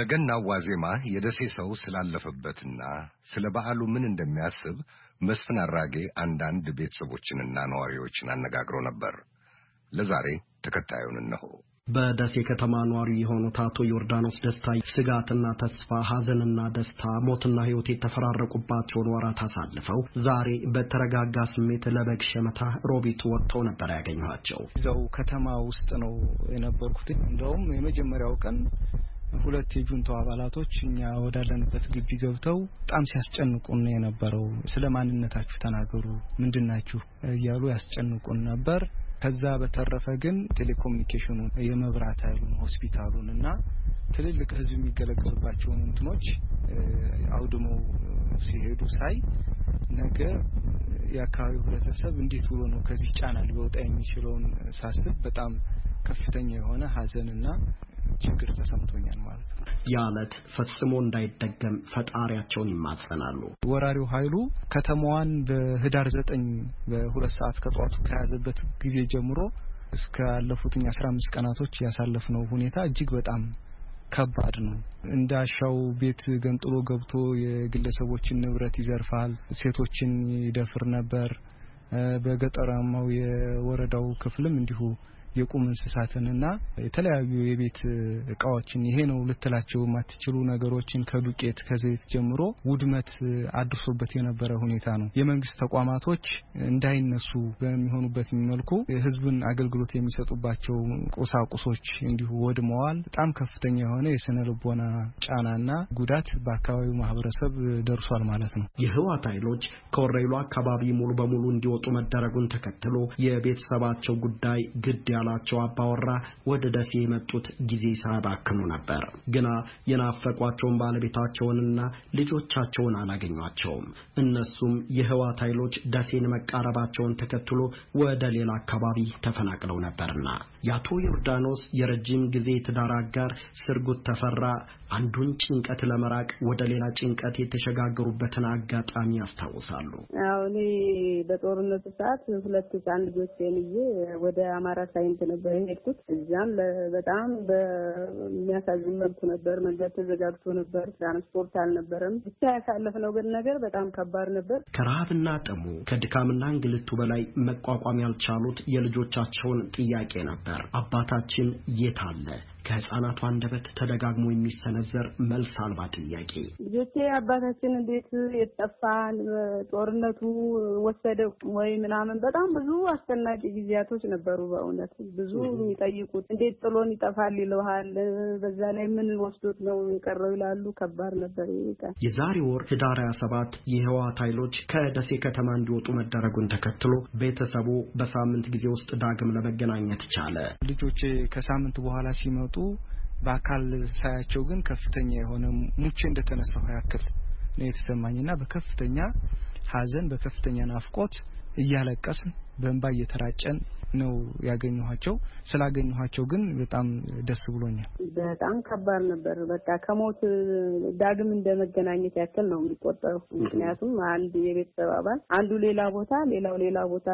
በገናው ዋዜማ የደሴ ሰው ስላለፈበትና ስለ በዓሉ ምን እንደሚያስብ መስፍን አራጌ አንዳንድ ቤተሰቦችንና ነዋሪዎችን አነጋግሮ ነበር። ለዛሬ ተከታዩን እነሆ። በደሴ ከተማ ነዋሪ የሆኑት አቶ ዮርዳኖስ ደስታ ስጋትና ተስፋ፣ ሀዘንና ደስታ፣ ሞትና ህይወት የተፈራረቁባቸውን ወራት አሳልፈው ዛሬ በተረጋጋ ስሜት ለበግ ሸመታ ሮቢት ወጥተው ነበር ያገኘኋቸው። እዛው ከተማ ውስጥ ነው የነበርኩት። እንደውም የመጀመሪያው ቀን ሁለት የጁንታው አባላቶች እኛ ወዳለንበት ግቢ ገብተው በጣም ሲያስጨንቁን የነበረው ስለ ማንነታችሁ ተናገሩ፣ ምንድን ናችሁ እያሉ ያስጨንቁን ነበር። ከዛ በተረፈ ግን ቴሌኮሙኒኬሽኑን፣ የመብራት ኃይሉን፣ ሆስፒታሉን እና ትልልቅ ህዝብ የሚገለገልባቸውን እንትኖች አውድመው ሲሄዱ ሳይ ነገ የአካባቢው ህብረተሰብ እንዴት ውሎ ነው ከዚህ ጫና ሊወጣ የሚችለውን ሳስብ በጣም ከፍተኛ የሆነ ሀዘን እና ችግር ተሰምቶኛል ማለት ነው። ያ ዕለት ፈጽሞ እንዳይደገም ፈጣሪያቸውን ይማጸናሉ። ወራሪው ኃይሉ ከተማዋን በህዳር ዘጠኝ በሁለት ሰዓት ከጠዋቱ ከያዘበት ጊዜ ጀምሮ እስከ አስራ አምስት ቀናቶች ያሳለፍነው ሁኔታ እጅግ በጣም ከባድ ነው። እንዳሻው ቤት ገንጥሎ ገብቶ የግለሰቦችን ንብረት ይዘርፋል፣ ሴቶችን ይደፍር ነበር። በገጠራማው የወረዳው ክፍልም እንዲሁ የቁም እንስሳትንና የተለያዩ የቤት እቃዎችን ይሄ ነው ልትላቸው የማትችሉ ነገሮችን ከዱቄት ከዘይት ጀምሮ ውድመት አድርሶበት የነበረ ሁኔታ ነው። የመንግስት ተቋማቶች እንዳይነሱ በሚሆኑበት የሚመልኩ ህዝብን አገልግሎት የሚሰጡባቸው ቁሳቁሶች እንዲሁ ወድመዋል። በጣም ከፍተኛ የሆነ የስነ ልቦና ጫናና ጉዳት በአካባቢው ማህበረሰብ ደርሷል ማለት ነው። የህወሓት ኃይሎች ከወረይሉ አካባቢ ሙሉ በሙሉ እንዲወጡ መደረጉን ተከትሎ የቤተሰባቸው ጉዳይ ግድ ያላቸው አባወራ ወደ ደሴ የመጡት ጊዜ ሳያባክኑ ነበር። ግና የናፈቋቸውን ባለቤታቸውንና ልጆቻቸውን አላገኟቸውም። እነሱም የህዋት ኃይሎች ደሴን መቃረባቸውን ተከትሎ ወደ ሌላ አካባቢ ተፈናቅለው ነበርና የአቶ ዮርዳኖስ የረጅም ጊዜ ትዳር አጋር ስርጉት ተፈራ አንዱን ጭንቀት ለመራቅ ወደ ሌላ ጭንቀት የተሸጋገሩበትን አጋጣሚ ያስታውሳሉ። አዎ እኔ በጦርነቱ ሰዓት ሁለት ህፃን ልጆቼን ይዤ ወደ አማራ ሳይንት ነበር የሄድኩት። እዚያም በጣም በሚያሳዝን መልኩ ነበር። መንገድ ተዘጋግቶ ነበር። ትራንስፖርት አልነበረም። ብቻ ያሳለፍነው ግን ነገር በጣም ከባድ ነበር። ከረሃብና ጥሙ ከድካምና እንግልቱ በላይ መቋቋም ያልቻሉት የልጆቻቸውን ጥያቄ ነበር። ነበር። አባታችን የት አለ? ከህጻናቱ አንደበት ተደጋግሞ የሚሰነዘር መልስ አልባ ጥያቄ ልጆቼ አባታችን እንዴት የጠፋ ጦርነቱ ወሰደ ወይ ምናምን በጣም ብዙ አስጨናቂ ጊዜያቶች ነበሩ። በእውነት ብዙ የሚጠይቁት እንዴት ጥሎን ይጠፋል ይለሃል። በዛ ላይ ምን ወስዶት ነው የቀረው ይላሉ። ከባድ ነበር። የዛሬ ወር ህዳር ሰባት የህወሓት ኃይሎች ከደሴ ከተማ እንዲወጡ መደረጉን ተከትሎ ቤተሰቡ በሳምንት ጊዜ ውስጥ ዳግም ለመገናኘት ቻለ። ልጆች ከሳምንት በኋላ ሲመጡ በአካል ሳያቸው ግን ከፍተኛ የሆነ ሙቼ እንደተነሳሁ ያክል ነው የተሰማኝና በከፍተኛ ሐዘን በከፍተኛ ናፍቆት እያለቀስን በእንባ እየተራጨን ነው ያገኘኋቸው። ስላገኘኋቸው ግን በጣም ደስ ብሎኛል። በጣም ከባድ ነበር። በቃ ከሞት ዳግም እንደ መገናኘት ያክል ነው የሚቆጠረው። ምክንያቱም አንድ የቤተሰብ አባል አንዱ ሌላ ቦታ፣ ሌላው ሌላ ቦታ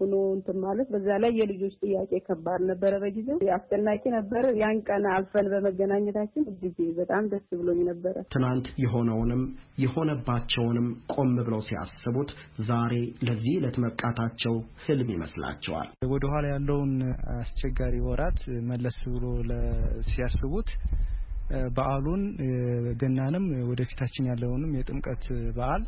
ሆኖ እንትን ማለት በዛ ላይ የልጆች ጥያቄ ከባድ ነበረ። በጊዜው አስጨናቂ ነበር። ያን ቀን አልፈን በመገናኘታችን ጊዜ በጣም ደስ ብሎኝ ነበረ። ትናንት የሆነውንም የሆነባቸውንም ቆም ብለው ሲያስቡት ዛሬ ለዚህ ዕለት መብቃታቸው ህልም ይመስላቸዋል። ወደኋላ ያለውን አስቸጋሪ ወራት መለስ ብሎ ሲያስቡት በዓሉን ገናንም ወደፊታችን ያለውንም የጥምቀት በዓል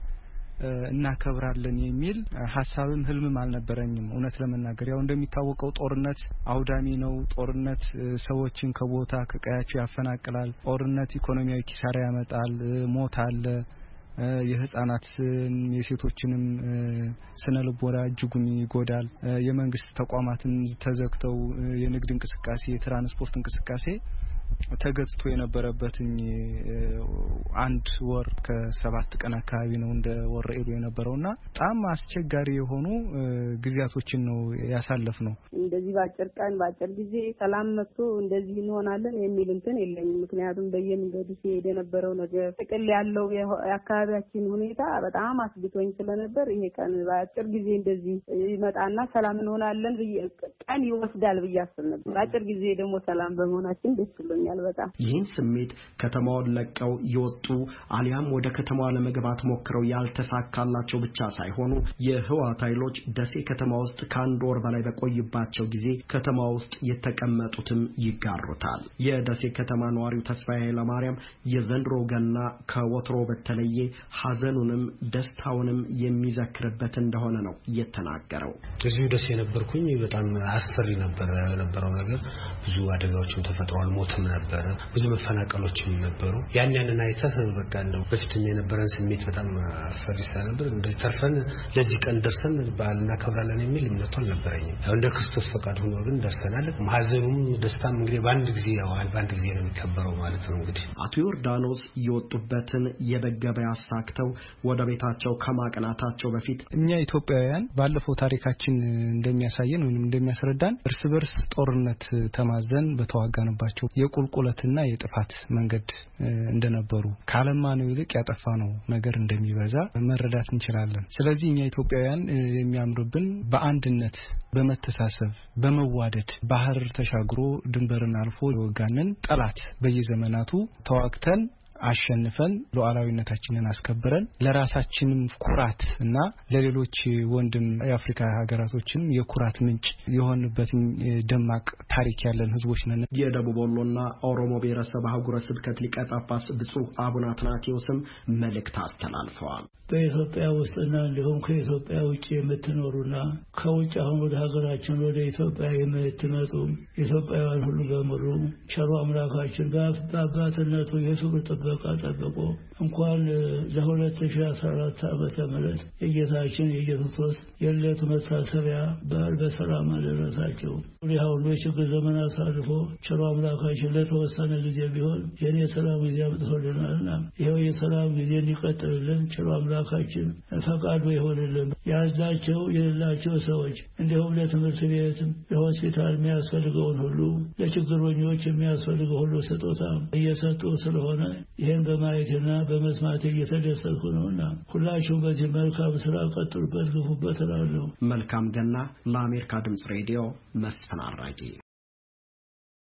እናከብራለን የሚል ሀሳብም ህልምም አልነበረኝም። እውነት ለመናገር ያው እንደሚታወቀው ጦርነት አውዳሚ ነው። ጦርነት ሰዎችን ከቦታ ከቀያቸው ያፈናቅላል። ጦርነት ኢኮኖሚያዊ ኪሳራ ያመጣል። ሞት አለ። የህጻናትን የሴቶችንም ስነ ልቦና እጅጉን ይጎዳል። የመንግስት ተቋማትም ተዘግተው የንግድ እንቅስቃሴ፣ የትራንስፖርት እንቅስቃሴ ተገዝቶ የነበረበትኝ አንድ ወር ከሰባት ቀን አካባቢ ነው እንደ ወረ ሄዱ የነበረው እና በጣም አስቸጋሪ የሆኑ ጊዜያቶችን ነው ያሳለፍ ነው። እንደዚህ በአጭር ቀን በአጭር ጊዜ ሰላም መጥቶ እንደዚህ እንሆናለን የሚል እንትን የለኝም። ምክንያቱም በየመንገዱ ሲሄድ የነበረው ነገር ጥቅል ያለው የአካባቢያችን ሁኔታ በጣም አስግቶኝ ስለነበር ይሄ ቀን በአጭር ጊዜ እንደዚህ ይመጣና ሰላም እንሆናለን ቀን ይወስዳል ብዬ አስብ ነበር። በአጭር ጊዜ ደግሞ ሰላም በመሆናችን ደስ ብሎኛል። ይሰማኛል በጣም ይህን ስሜት ከተማውን ለቀው የወጡ አሊያም ወደ ከተማዋ ለመግባት ሞክረው ያልተሳካላቸው ብቻ ሳይሆኑ የህወሓት ኃይሎች ደሴ ከተማ ውስጥ ከአንድ ወር በላይ በቆይባቸው ጊዜ ከተማ ውስጥ የተቀመጡትም ይጋሩታል። የደሴ ከተማ ነዋሪው ተስፋዬ ኃይለማርያም የዘንድሮ ገና ከወትሮ በተለየ ሀዘኑንም ደስታውንም የሚዘክርበት እንደሆነ ነው የተናገረው። እዚሁ ደሴ የነበርኩኝ በጣም አስፈሪ ነበረ የነበረው ነገር። ብዙ አደጋዎችም ተፈጥሯል። ሞትም በጣም ነበረ። ብዙ መፈናቀሎችም ነበሩ። ያን ያንን አይተህ በቃ እንደው በፊትም የነበረን ስሜት በጣም አስፈሪ ስለነበር እንደዚህ ተርፈን ለዚህ ቀን ደርሰን በዓል እናከብራለን የሚል እምነቱ አልነበረኝም። እንደ ክርስቶስ ፈቃድ ሆኖ ግን ደርሰናል። ማዘኑም ደስታም እንግዲህ በአንድ ጊዜ ያዋል በአንድ ጊዜ ነው የሚከበረው ማለት ነው። እንግዲህ አቶ ዮርዳኖስ የወጡበትን የበገበያ አሳክተው ወደ ቤታቸው ከማቅናታቸው በፊት እኛ ኢትዮጵያውያን ባለፈው ታሪካችን እንደሚያሳየን ወይም እንደሚያስረዳን እርስ በርስ ጦርነት ተማዘን በተዋጋንባቸው የ የቁልቁለትና የጥፋት መንገድ እንደነበሩ ካለማነው ይልቅ ያጠፋነው ነገር እንደሚበዛ መረዳት እንችላለን። ስለዚህ እኛ ኢትዮጵያውያን የሚያምርብን በአንድነት በመተሳሰብ በመዋደድ ባህር ተሻግሮ ድንበርን አልፎ የወጋንን ጠላት በየዘመናቱ ተዋግተን አሸንፈን ሉዓላዊነታችንን አስከብረን ለራሳችንም ኩራት እና ለሌሎች ወንድም የአፍሪካ ሀገራቶችም የኩራት ምንጭ የሆንበት ደማቅ ታሪክ ያለን ህዝቦች ነን። የደቡብ ወሎና ኦሮሞ ብሔረሰብ አህጉረ ስብከት ሊቀ ጳጳስ ብፁዕ አቡነ አትናቴዎስም መልእክት አስተላልፈዋል። በኢትዮጵያ ውስጥና እንዲሁም ከኢትዮጵያ ውጭ የምትኖሩና ከውጭ አሁን ወደ ሀገራችን ወደ ኢትዮጵያ የምትመጡ ኢትዮጵያውያን ሁሉ በሙሉ ቸሩ አምላካችን በአባትነቱ የሱ ጥበ ጥበቃ ጠብቆ እንኳን ለ2014 አስራ አራት ዓመተ ምህረት የጌታችን የኢየሱስ የዕለቱ መታሰቢያ በዓል በሰላም አደረሳቸው። ሁሉ የችግር ዘመን አሳልፎ ቸሮ አምላካችን ለተወሰነ ጊዜ ቢሆን የኔ የሰላም ጊዜ አምጥቶልናልና ይኸው የሰላም ጊዜ እንዲቀጥልልን ቸሮ አምላካችን ፈቃዱ ይሆንልን። ያላቸው የሌላቸው ሰዎች እንዲሁም ለትምህርት ቤት ለሆስፒታል የሚያስፈልገውን ሁሉ ለችግረኞች የሚያስፈልገው ሁሉ ስጦታ እየሰጡ ስለሆነ ይህን በማየትና በመስማት እየተደሰትኩ ነውና ሁላችሁ በዚህ መልካም ስራ ቀጥሉበት፣ ግፉበት እላለሁ። መልካም ገና ለአሜሪካ ድምፅ ሬዲዮ መስፍን አራጌ